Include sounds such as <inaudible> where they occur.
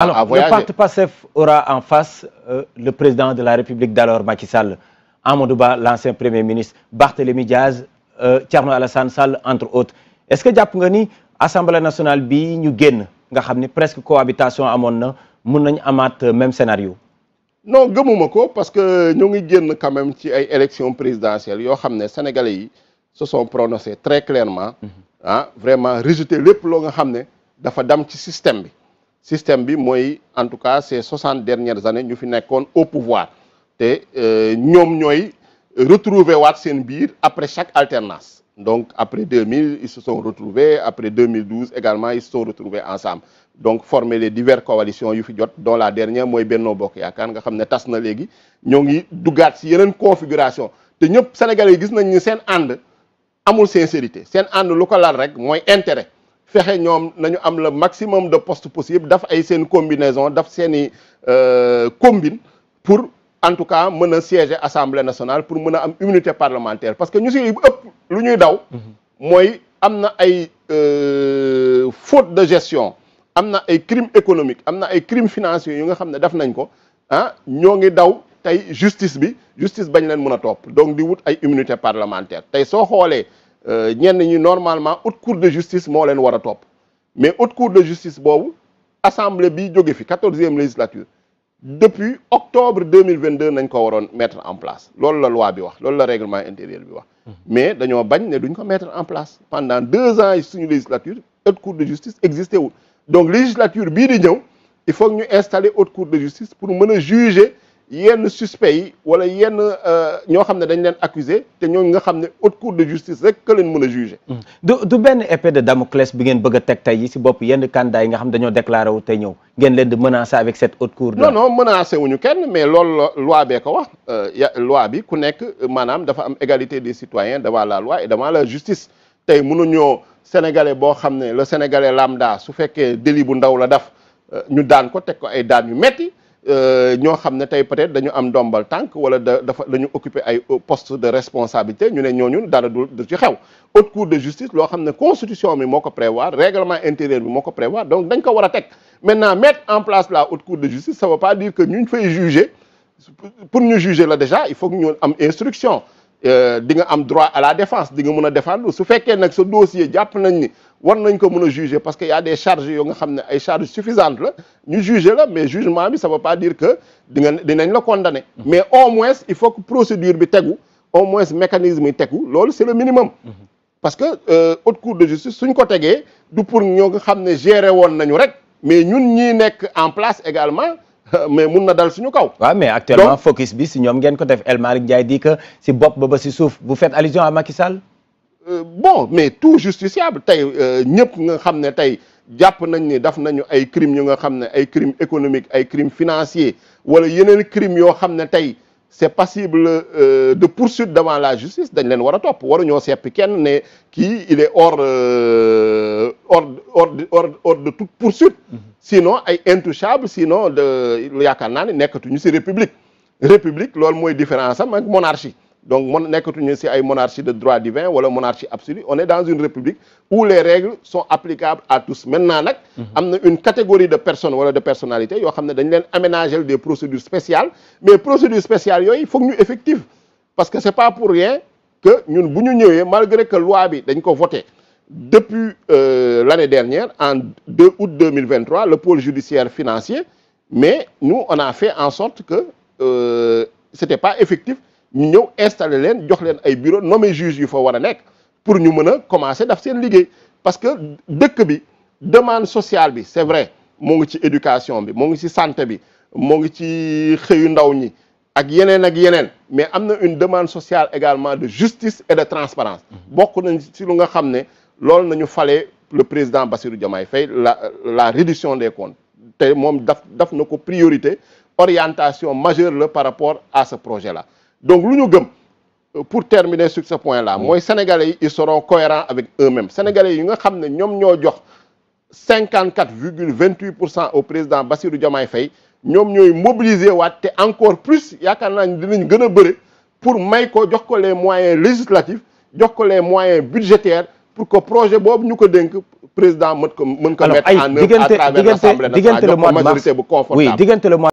Alors, le parti PASSEF aura en face euh, le président de la République d'alors, Macky Sall, l'ancien Premier ministre, Barthélémy Diaz, euh, Alassane entre autres. Est-ce que l'Assemblée Assemblée nationale bi ñu presque cohabitation à na nom, euh, même scénario non sais ko parce que nous avons quand même une élection présidentielle, présidentielles sénégalais se sont prononcés très clairement mhm. ah, vraiment rejeter le loo nga xam dafa système système bi moy en tout cas ces 60 dernières années nous fi au pouvoir té ñom retrouvé retrouver wat après chaque alternance donc après 2000 ils se sont retrouvés après 2012 également ils se sont retrouvés ensemble donc former les diverses coalitions yu fi jot dont la dernière moy Benno bok Yaakaar nga xamné ne na léegi ñoo ngi configuration té sénégalais yi gis nañ ni seen and amul sincérité seen and lu ko laal rek intérêt Faire nous nañu am le maximum de postes possibles daf ay seen combinaison daf seen euh, combine pour en tout cas mën siège siéger assemblée nationale pour mën une am immunité parlementaire parce que ñu si ëpp lu ñuy daw euh, faute de gestion am crime ay crimes économiques financier na ay crimes financiers yu nga xam ne def ko ah ñoo daw justice bi justice bañ leen mën a donc di wut ay immunité parlementaire tey euh, ñenn ñi normalement haute cour de justice moo leen mais haute cour de justice l'assemblée assemblée bi e législature depuis octobre 2022, nous avons mis mettre en place loolu la loi bi wax règlement intérieur bi wax. Mmh. mais nous avons mis duñ mettre en place pendant deux ans une législature haute cour de justice existait Donc, donc législature il faut que ñu installer haute cour de justice pour nous juger yenn suspect yi wala yenn euh, ñoo xam ne dañ leen accusé te ñooñu nga xam ne haute cour de justice rek que leen mën a jugé. Mm. du du benn épée de Damoclès bi ngeen bëgg a teg tey yi si bopp yenn candidat yi nga xam dañoo déclaré wu tey ñëw ngeen leen di menacer avec cette haute cour. non non menacé wuñu kenn mais loolu loi bee ko wax euh, loi bi ku nekk maanaam dafa am égalité des citoyens devant la loi et devant la justice tey mënuñoo sénégalais boo xam ne le sénégalais lambda su fekkee délit bu ndaw la daf euh, ñu daan ko teg ko ay daan yu metti euh, nous avons peut-être dañu am ndombal tànk wala da dafa nous occuper ay euh, poste de responsabilité ñu ne ñooñu dara du ci xew haute cour de justice nous avons constitution qui moo prévoir règlement intérieur bi moo prévoir donc dañ ko war a maintenant mettre en place la haute cour de justice ça ne veut pas dire que nous fay juger pour nous juger là déjà il faut que ñu am instruction euh, di nga am droit à la défense di nga défendre su fekkee nag sa dossier jàpp nañ ni on ne ko pas juger parce qu'il y a des charges charges suffisantes la ñu juger la mais jugement ne ça veut pas dire que nous nga dinañ la condamner mais au moins il faut que procédure soit tegu au moins mécanisme soit tegu c'est le minimum parce que euh, haute cour de justice suñ ko avons pour ñoo nga gérer won nañu rek mais nous sommes en place également <laughs> mais mun dal suñu kaw. wa mais actuellement focus bi si ñom ngeen ko def El malik dit que si bop ba ba si vous faites allusion à Macky Sall. Euh, bon mais tout justiciable Tay, euh, ñëpp nga xam ne tey nañ ni daf nañu ay crimes yu nga xamné ay crimes économiques ay crimes financiers wala yeneen crimes yo xamné tay c'est passible euh, de poursuite devant la justice dañ leen wara top waru ñoo sépp kenn ne kii il est hors hors hors hors de toute poursuite mm-hmm. sinon ay intouchable sinon de yaakaar naa ne nekkatuñu ci république république lool moy différence am ak monarchie donc, nous une monarchie de droit divin ou monarchie absolue. On est dans une république où les règles sont applicables à tous. Maintenant, on mhm. une catégorie de personnes ou de personnalités qui ont aménagé des procédures spéciales. Mais les procédures spéciales, il faut que nous effectives. Parce que ce n'est pas pour rien que nous, malgré que la loi a voté depuis euh, l'année dernière, en 2 août 2023, le pôle judiciaire financier, mais nous, on a fait en sorte que euh, ce n'était pas effectif ñu installer installer leen jox leen ay bureau nommé juge yu fa wara nek pour ñu mëna commencer daf seen liguey parce que dëkk bi demande sociale bi c'est vrai moo ngi ci éducation bi moo ci santé bi moo ngi ci xeyu ndaw ñi ak yenen ak yenen mais amna une demande sociale également de justice et de transparence bokku nañ ci lu nga xamné lool nañu falé le président Bassirou Diomaye Fay la la réduction des comptes té mom daf daf nako priorité orientation majeure le par rapport à ce projet là donc euh, pour terminer sur ce point là les mm. sénégalais ils seront cohérents avec eux-mêmes Les sénégalais ils nga 54,28% au président Bassirou Diomaye Faye ont mobilisé encore plus pour may les moyens législatifs les moyens budgétaires pour que le projet Bob nous le président mën ko en œuvre à travers l'Assemblée nationale